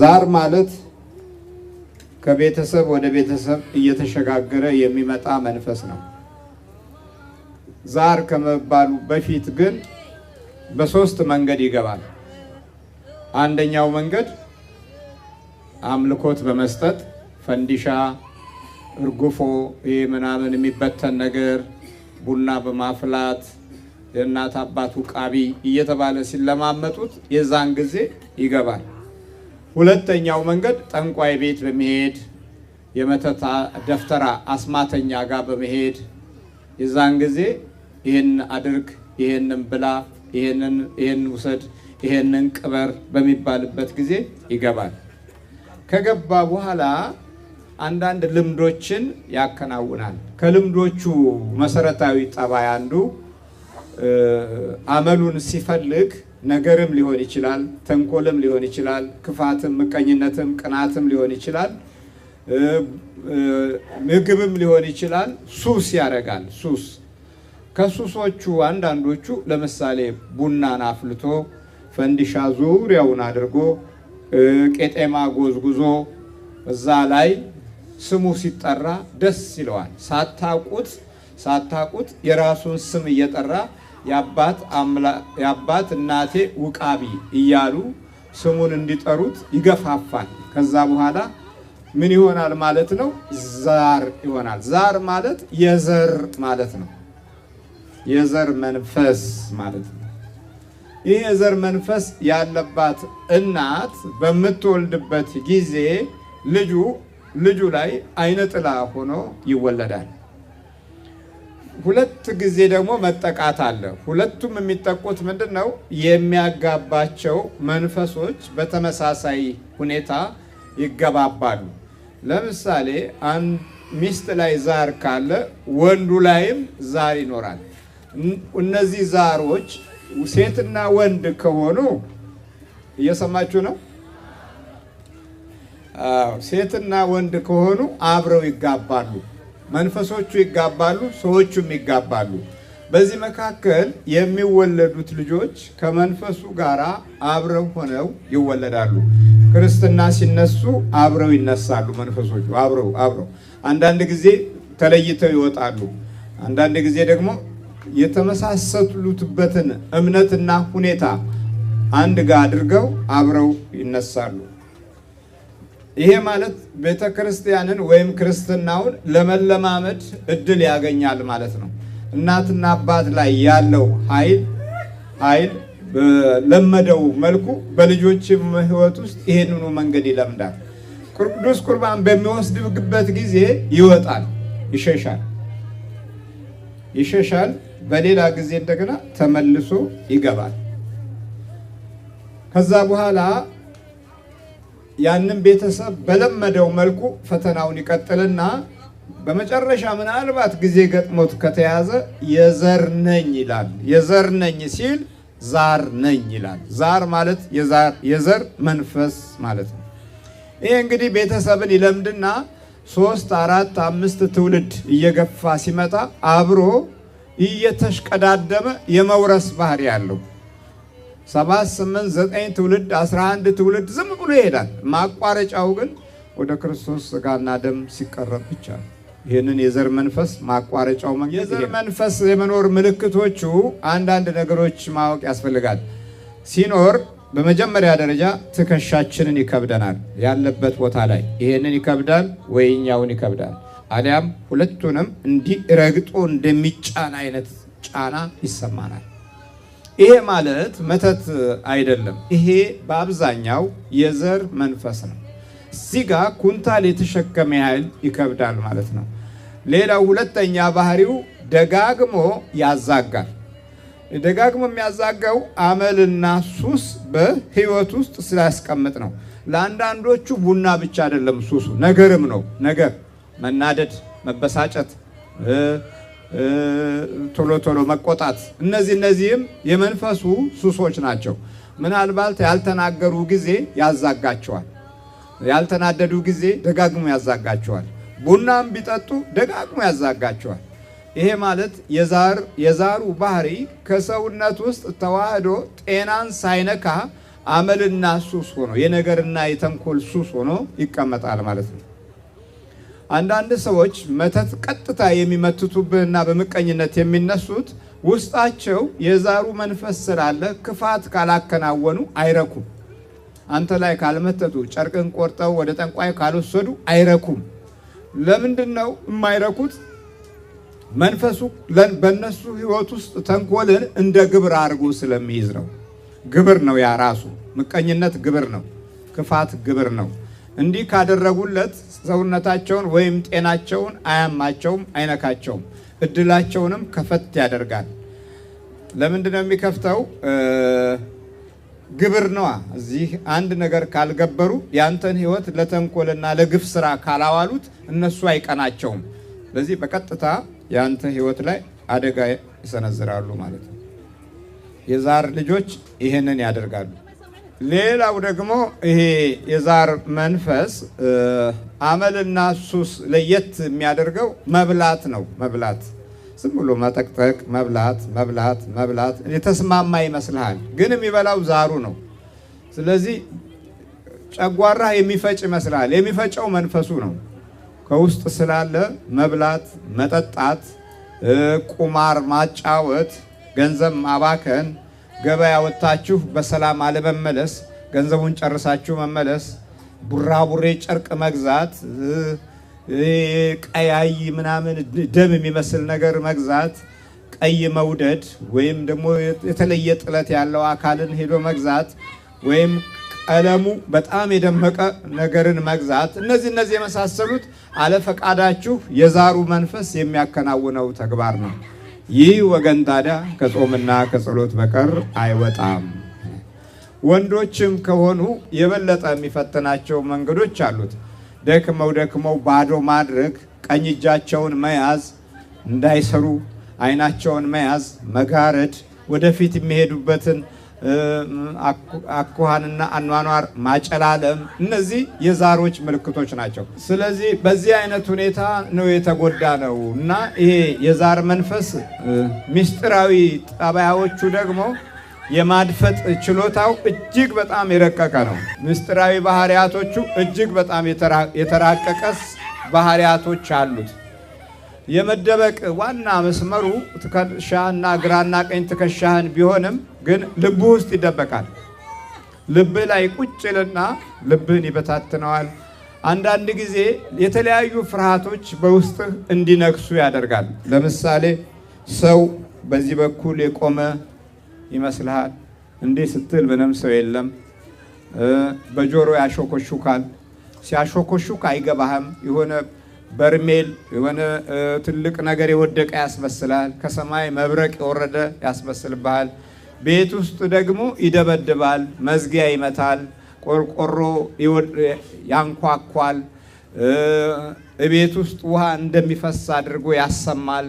ዛር ማለት ከቤተሰብ ወደ ቤተሰብ እየተሸጋገረ የሚመጣ መንፈስ ነው። ዛር ከመባሉ በፊት ግን በሶስት መንገድ ይገባል። አንደኛው መንገድ አምልኮት በመስጠት ፈንዲሻ፣ እርግፎ፣ ይህ ምናምን የሚበተን ነገር ቡና በማፍላት የእናት አባቱ ቃቢ እየተባለ ሲለማመጡት የዛን ጊዜ ይገባል። ሁለተኛው መንገድ ጠንቋይ ቤት በመሄድ የመተታ ደፍተራ አስማተኛ ጋር በመሄድ የዛን ጊዜ ይህን አድርግ፣ ይህንን ብላ፣ ይህንን ውሰድ፣ ይህንን ቅበር በሚባልበት ጊዜ ይገባል። ከገባ በኋላ አንዳንድ ልምዶችን ያከናውናል። ከልምዶቹ መሰረታዊ ጠባይ አንዱ አመሉን ሲፈልግ ነገርም ሊሆን ይችላል፣ ተንኮልም ሊሆን ይችላል፣ ክፋትም፣ ምቀኝነትም፣ ቅናትም ሊሆን ይችላል፣ ምግብም ሊሆን ይችላል። ሱስ ያደርጋል። ሱስ ከሱሶቹ አንዳንዶቹ ለምሳሌ ቡናን አፍልቶ ፈንዲሻ ዙሪያውን አድርጎ ቄጤማ ጎዝጉዞ እዛ ላይ ስሙ ሲጠራ ደስ ይለዋል። ሳታቁት ሳታቁት የራሱን ስም እየጠራ የአባት እናቴ ውቃቢ እያሉ ስሙን እንዲጠሩት ይገፋፋል። ከዛ በኋላ ምን ይሆናል ማለት ነው? ዛር ይሆናል። ዛር ማለት የዘር ማለት ነው። የዘር መንፈስ ማለት ነው። ይህ የዘር መንፈስ ያለባት እናት በምትወልድበት ጊዜ ልጁ ልጁ ላይ አይነ ጥላ ሆኖ ይወለዳል። ሁለት ጊዜ ደግሞ መጠቃት አለ። ሁለቱም የሚጠቁት ምንድን ነው? የሚያጋባቸው መንፈሶች በተመሳሳይ ሁኔታ ይገባባሉ። ለምሳሌ ሚስት ላይ ዛር ካለ ወንዱ ላይም ዛር ይኖራል። እነዚህ ዛሮች ሴትና ወንድ ከሆኑ እየሰማችሁ ነው። ሴትና ወንድ ከሆኑ አብረው ይጋባሉ። መንፈሶቹ ይጋባሉ፣ ሰዎቹም ይጋባሉ። በዚህ መካከል የሚወለዱት ልጆች ከመንፈሱ ጋር አብረው ሆነው ይወለዳሉ። ክርስትና ሲነሱ አብረው ይነሳሉ። መንፈሶቹ አብረው አብረው አንዳንድ ጊዜ ተለይተው ይወጣሉ። አንዳንድ ጊዜ ደግሞ የተመሳሰሉትበትን እምነትና ሁኔታ አንድ ጋር አድርገው አብረው ይነሳሉ። ይሄ ማለት ቤተ ክርስቲያንን ወይም ክርስትናውን ለመለማመድ እድል ያገኛል ማለት ነው። እናትና አባት ላይ ያለው ኃይል ኃይል ለመደው መልኩ በልጆች ህይወት ውስጥ ይሄንኑ መንገድ ይለምዳል። ቅዱስ ቁርባን በሚወስድበት ጊዜ ይወጣል፣ ይሸሻል፣ ይሸሻል። በሌላ ጊዜ እንደገና ተመልሶ ይገባል። ከዛ በኋላ ያንን ቤተሰብ በለመደው መልኩ ፈተናውን ይቀጥልና በመጨረሻ ምናልባት ጊዜ ገጥሞት ከተያዘ የዘር ነኝ ይላል። የዘር ነኝ ሲል ዛር ነኝ ይላል። ዛር ማለት የዘር መንፈስ ማለት ነው። ይህ እንግዲህ ቤተሰብን ይለምድና ሶስት አራት አምስት ትውልድ እየገፋ ሲመጣ አብሮ እየተሽቀዳደመ የመውረስ ባህሪ ያለው። ሰባት ስምንት ዘጠኝ ትውልድ አስራ አንድ ትውልድ ዝም ብሎ ይሄዳል። ማቋረጫው ግን ወደ ክርስቶስ ስጋና ደም ሲቀረብ ብቻ ነው። ይህንን የዘር መንፈስ ማቋረጫው መንገድ የዘር መንፈስ የመኖር ምልክቶቹ አንዳንድ ነገሮች ማወቅ ያስፈልጋል። ሲኖር በመጀመሪያ ደረጃ ትከሻችንን ይከብደናል። ያለበት ቦታ ላይ ይህንን ይከብዳል፣ ወይኛውን ይከብዳል። አሊያም ሁለቱንም እንዲህ ረግጦ እንደሚጫን አይነት ጫና ይሰማናል። ይሄ ማለት መተት አይደለም። ይሄ በአብዛኛው የዘር መንፈስ ነው። እዚህ ጋር ኩንታል የተሸከመ ያህል ይከብዳል ማለት ነው። ሌላው ሁለተኛ ባህሪው ደጋግሞ ያዛጋል። ደጋግሞ የሚያዛጋው አመልና ሱስ በህይወት ውስጥ ስላያስቀምጥ ነው። ለአንዳንዶቹ ቡና ብቻ አይደለም ሱሱ፣ ነገርም ነው። ነገር መናደድ፣ መበሳጨት ቶሎ ቶሎ መቆጣት፣ እነዚህ እነዚህም የመንፈሱ ሱሶች ናቸው። ምናልባት ያልተናገሩ ጊዜ ያዛጋቸዋል። ያልተናደዱ ጊዜ ደጋግሞ ያዛጋቸዋል። ቡናም ቢጠጡ ደጋግሞ ያዛጋቸዋል። ይሄ ማለት የዛሩ ባህሪ ከሰውነት ውስጥ ተዋህዶ ጤናን ሳይነካ አመልና ሱስ ሆኖ የነገርና የተንኮል ሱስ ሆኖ ይቀመጣል ማለት ነው። አንዳንድ ሰዎች መተት ቀጥታ የሚመትቱብህና በምቀኝነት የሚነሱት ውስጣቸው የዛሩ መንፈስ ስላለ ክፋት ካላከናወኑ አይረኩም። አንተ ላይ ካልመተቱ፣ ጨርቅን ቆርጠው ወደ ጠንቋይ ካልወሰዱ አይረኩም። ለምንድን ነው የማይረኩት? መንፈሱ በእነሱ ህይወት ውስጥ ተንኮልን እንደ ግብር አድርጎ ስለሚይዝ ነው። ግብር ነው ያ ራሱ። ምቀኝነት ግብር ነው። ክፋት ግብር ነው። እንዲህ ካደረጉለት ሰውነታቸውን ወይም ጤናቸውን አያማቸውም፣ አይነካቸውም። እድላቸውንም ከፈት ያደርጋል። ለምንድን ነው የሚከፍተው? ግብር ነዋ። እዚህ አንድ ነገር ካልገበሩ ያንተን ህይወት ለተንኮልና ለግፍ ስራ ካላዋሉት እነሱ አይቀናቸውም። ስለዚህ በቀጥታ የአንተ ህይወት ላይ አደጋ ይሰነዝራሉ ማለት ነው። የዛር ልጆች ይህንን ያደርጋሉ። ሌላው ደግሞ ይሄ የዛር መንፈስ አመልና ሱስ ለየት የሚያደርገው መብላት ነው። መብላት ዝም ብሎ መጠቅጠቅ፣ መብላት መብላት መብላት የተስማማ ይመስልሃል፣ ግን የሚበላው ዛሩ ነው። ስለዚህ ጨጓራ የሚፈጭ ይመስልሃል፣ የሚፈጨው መንፈሱ ነው ከውስጥ ስላለ። መብላት፣ መጠጣት፣ ቁማር ማጫወት፣ ገንዘብ ማባከን ገበያ ወጥታችሁ በሰላም አለመመለስ፣ ገንዘቡን ጨርሳችሁ መመለስ፣ ቡራቡሬ ጨርቅ መግዛት፣ ቀያይ ምናምን ደም የሚመስል ነገር መግዛት፣ ቀይ መውደድ ወይም ደግሞ የተለየ ጥለት ያለው አካልን ሄዶ መግዛት ወይም ቀለሙ በጣም የደመቀ ነገርን መግዛት፣ እነዚህ እነዚህ የመሳሰሉት አለፈቃዳችሁ የዛሩ መንፈስ የሚያከናውነው ተግባር ነው። ይህ ወገን ታዲያ ከጾምና ከጸሎት በቀር አይወጣም። ወንዶችም ከሆኑ የበለጠ የሚፈትናቸው መንገዶች አሉት። ደክመው ደክመው ባዶ ማድረግ፣ ቀኝ እጃቸውን መያዝ፣ እንዳይሰሩ አይናቸውን መያዝ፣ መጋረድ፣ ወደፊት የሚሄዱበትን አኳኋንና አኗኗር ማጨላለም፣ እነዚህ የዛሮች ምልክቶች ናቸው። ስለዚህ በዚህ አይነት ሁኔታ ነው የተጎዳ ነው እና ይሄ የዛር መንፈስ ሚስጢራዊ ጠባያዎቹ ደግሞ የማድፈጥ ችሎታው እጅግ በጣም የረቀቀ ነው። ምስጢራዊ ባህሪያቶቹ እጅግ በጣም የተራቀቀስ ባህሪያቶች አሉት። የመደበቅ ዋና መስመሩ ትከሻና ግራና ቀኝ ትከሻህን ቢሆንም ግን ልብ ውስጥ ይደበቃል። ልብ ላይ ቁጭልና ልብህን ይበታትነዋል። አንዳንድ ጊዜ የተለያዩ ፍርሃቶች በውስጥህ እንዲነግሱ ያደርጋል። ለምሳሌ ሰው በዚህ በኩል የቆመ ይመስልሃል። እንዲህ ስትል ምንም ሰው የለም። በጆሮ ያሾኮሹካል። ሲያሾኮሹክ አይገባህም የሆነ በርሜል የሆነ ትልቅ ነገር የወደቀ ያስመስላል። ከሰማይ መብረቅ የወረደ ያስመስልብሃል። ቤት ውስጥ ደግሞ ይደበድባል፣ መዝጊያ ይመታል፣ ቆርቆሮ ያንኳኳል፣ ቤት ውስጥ ውሃ እንደሚፈስ አድርጎ ያሰማል።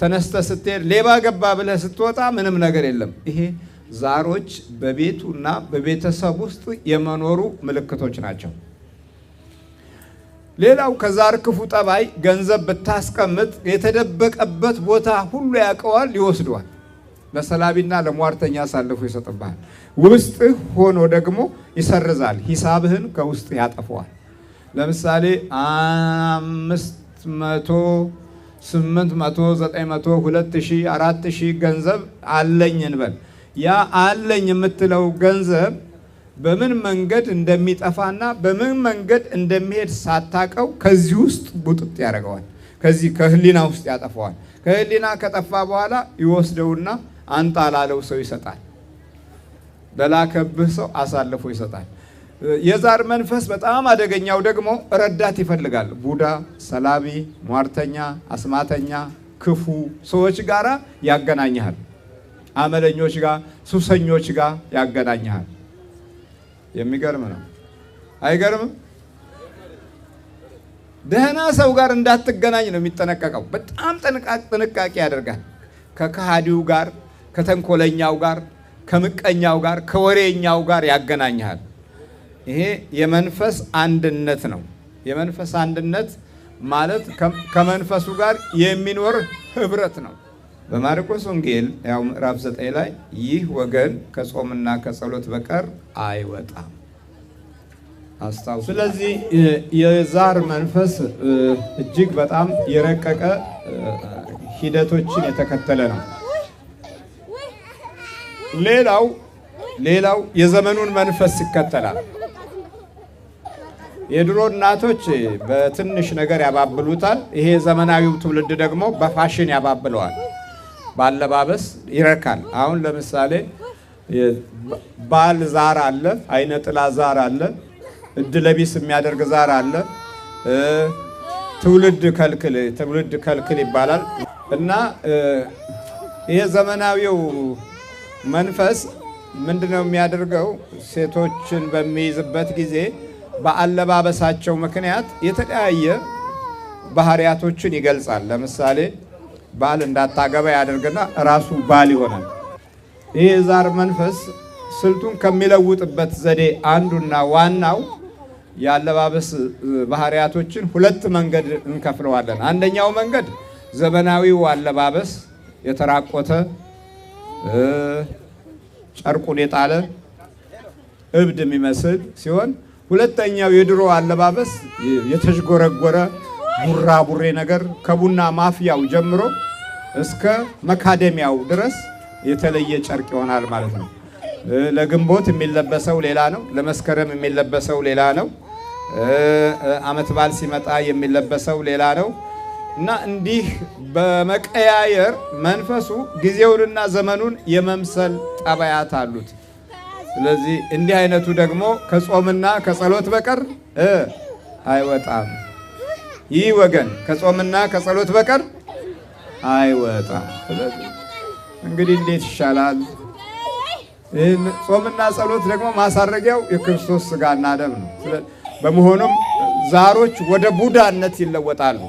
ተነስተ ስትሄድ ሌባ ገባ ብለህ ስትወጣ ምንም ነገር የለም። ይሄ ዛሮች በቤቱ እና በቤተሰብ ውስጥ የመኖሩ ምልክቶች ናቸው። ሌላው ከዛር ክፉ ጠባይ ገንዘብ ብታስቀምጥ የተደበቀበት ቦታ ሁሉ ያውቀዋል፣ ይወስደዋል። ለሰላቢና ለሟርተኛ አሳልፎ ይሰጥብሃል። ውስጥህ ሆኖ ደግሞ ይሰርዛል፣ ሂሳብህን ከውስጥ ያጠፈዋል። ለምሳሌ አምስት መቶ ስምንት መቶ ዘጠኝ መቶ ሁለት ሺ አራት ሺ ገንዘብ አለኝ እንበል። ያ አለኝ የምትለው ገንዘብ በምን መንገድ እንደሚጠፋና በምን መንገድ እንደሚሄድ ሳታቀው ከዚህ ውስጥ ቡጥጥ ያደርገዋል። ከዚህ ከህሊና ውስጥ ያጠፋዋል። ከህሊና ከጠፋ በኋላ ይወስደውና አንጣ ላለው ሰው ይሰጣል። ለላከብህ ሰው አሳልፎ ይሰጣል። የዛር መንፈስ በጣም አደገኛው ደግሞ ረዳት ይፈልጋል። ቡዳ፣ ሰላቢ፣ ሟርተኛ፣ አስማተኛ፣ ክፉ ሰዎች ጋር ያገናኝሃል። አመለኞች ጋር፣ ሱሰኞች ጋር ያገናኝሃል። የሚገርም ነው። አይገርምም? ደህና ሰው ጋር እንዳትገናኝ ነው የሚጠነቀቀው። በጣም ጥንቃቄ ያደርጋል። ከከሃዲው ጋር፣ ከተንኮለኛው ጋር፣ ከምቀኛው ጋር፣ ከወሬኛው ጋር ያገናኝሃል። ይሄ የመንፈስ አንድነት ነው። የመንፈስ አንድነት ማለት ከመንፈሱ ጋር የሚኖር ህብረት ነው። በማርቆስ ወንጌል ያው ምዕራፍ 9 ላይ ይህ ወገን ከጾምና ከጸሎት በቀር አይወጣም አስታውሱ። ስለዚህ የዛር መንፈስ እጅግ በጣም የረቀቀ ሂደቶችን የተከተለ ነው። ሌላው ሌላው የዘመኑን መንፈስ ይከተላል። የድሮ እናቶች በትንሽ ነገር ያባብሉታል። ይሄ ዘመናዊው ትውልድ ደግሞ በፋሽን ያባብለዋል። ባለባበስ ይረካል። አሁን ለምሳሌ ባል ዛር አለ፣ አይነ ጥላ ዛር አለ፣ እድለቢስ የሚያደርግ ዛር አለ፣ ትውልድ ከልክል ትውልድ ከልክል ይባላል እና ይሄ ዘመናዊው መንፈስ ምንድነው የሚያደርገው? ሴቶችን በሚይዝበት ጊዜ በአለባበሳቸው ምክንያት የተለያየ ባህሪያቶችን ይገልጻል። ለምሳሌ ባል እንዳታገባ ያደርግና ራሱ ባል ይሆናል። ይህ የዛር መንፈስ ስልቱን ከሚለውጥበት ዘዴ አንዱና ዋናው የአለባበስ ባህሪያቶችን ሁለት መንገድ እንከፍለዋለን። አንደኛው መንገድ ዘመናዊው አለባበስ የተራቆተ ጨርቁን የጣለ እብድ የሚመስል ሲሆን፣ ሁለተኛው የድሮ አለባበስ የተዥጎረጎረ ቡራቡሬ ነገር ከቡና ማፍያው ጀምሮ እስከ መካደሚያው ድረስ የተለየ ጨርቅ ይሆናል ማለት ነው። ለግንቦት የሚለበሰው ሌላ ነው። ለመስከረም የሚለበሰው ሌላ ነው። ዓመት በዓል ሲመጣ የሚለበሰው ሌላ ነው እና እንዲህ በመቀያየር መንፈሱ ጊዜውንና ዘመኑን የመምሰል ጠባያት አሉት። ስለዚህ እንዲህ አይነቱ ደግሞ ከጾምና ከጸሎት በቀር አይወጣም። ይህ ወገን ከጾምና ከጸሎት በቀር አይወጣ እንግዲህ እንዴት ይሻላል? ጾምና ጸሎት ደግሞ ማሳረጊያው የክርስቶስ ስጋና ደም ነው። በመሆኑም ዛሮች ወደ ቡዳነት ይለወጣሉ።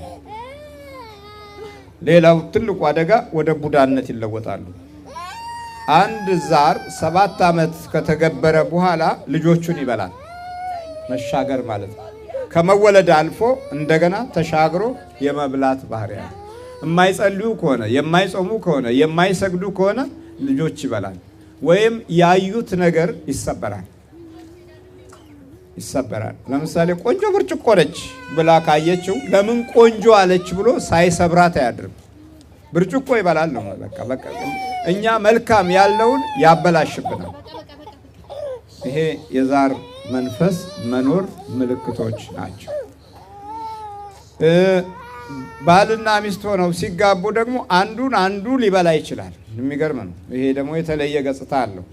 ሌላው ትልቁ አደጋ ወደ ቡዳነት ይለወጣሉ። አንድ ዛር ሰባት ዓመት ከተገበረ በኋላ ልጆቹን ይበላል። መሻገር ማለት ነው። ከመወለድ አልፎ እንደገና ተሻግሮ የመብላት ባህሪያ የማይጸልዩ ከሆነ የማይጾሙ ከሆነ የማይሰግዱ ከሆነ ልጆች ይበላል፣ ወይም ያዩት ነገር ይሰበራል ይሰበራል። ለምሳሌ ቆንጆ ብርጭቆ ነች ብላ ካየችው ለምን ቆንጆ አለች ብሎ ሳይሰብራት አያድርም። ብርጭቆ ይበላል ነው በቃ በቃ። እኛ መልካም ያለውን ያበላሽብናል ይሄ የዛር መንፈስ መኖር ምልክቶች ናቸው። ባልና ሚስት ሆነው ሲጋቡ ደግሞ አንዱን አንዱ ሊበላ ይችላል። የሚገርም ነው። ይሄ ደግሞ የተለየ ገጽታ አለው።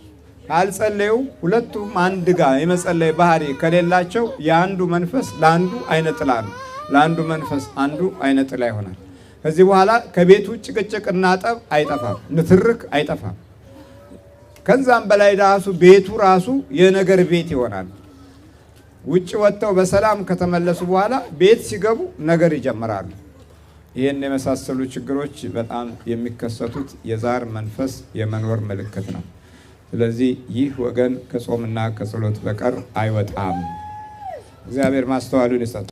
ካልጸለዩ ሁለቱም አንድ ጋር የመጸለይ ባህሪ ከሌላቸው የአንዱ መንፈስ ለአንዱ አይነ ጥላ ነው፣ ለአንዱ መንፈስ አንዱ አይነ ጥላ ይሆናል። ከዚህ በኋላ ከቤቱ ጭቅጭቅ እና ጠብ አይጠፋም፣ ንትርክ አይጠፋም። ከዛም በላይ ራሱ ቤቱ ራሱ የነገር ቤት ይሆናል። ውጭ ወጥተው በሰላም ከተመለሱ በኋላ ቤት ሲገቡ ነገር ይጀምራሉ። ይህን የመሳሰሉ ችግሮች በጣም የሚከሰቱት የዛር መንፈስ የመኖር ምልክት ነው። ስለዚህ ይህ ወገን ከጾምና ከጸሎት በቀር አይወጣም። እግዚአብሔር ማስተዋሉን ይሰጣል።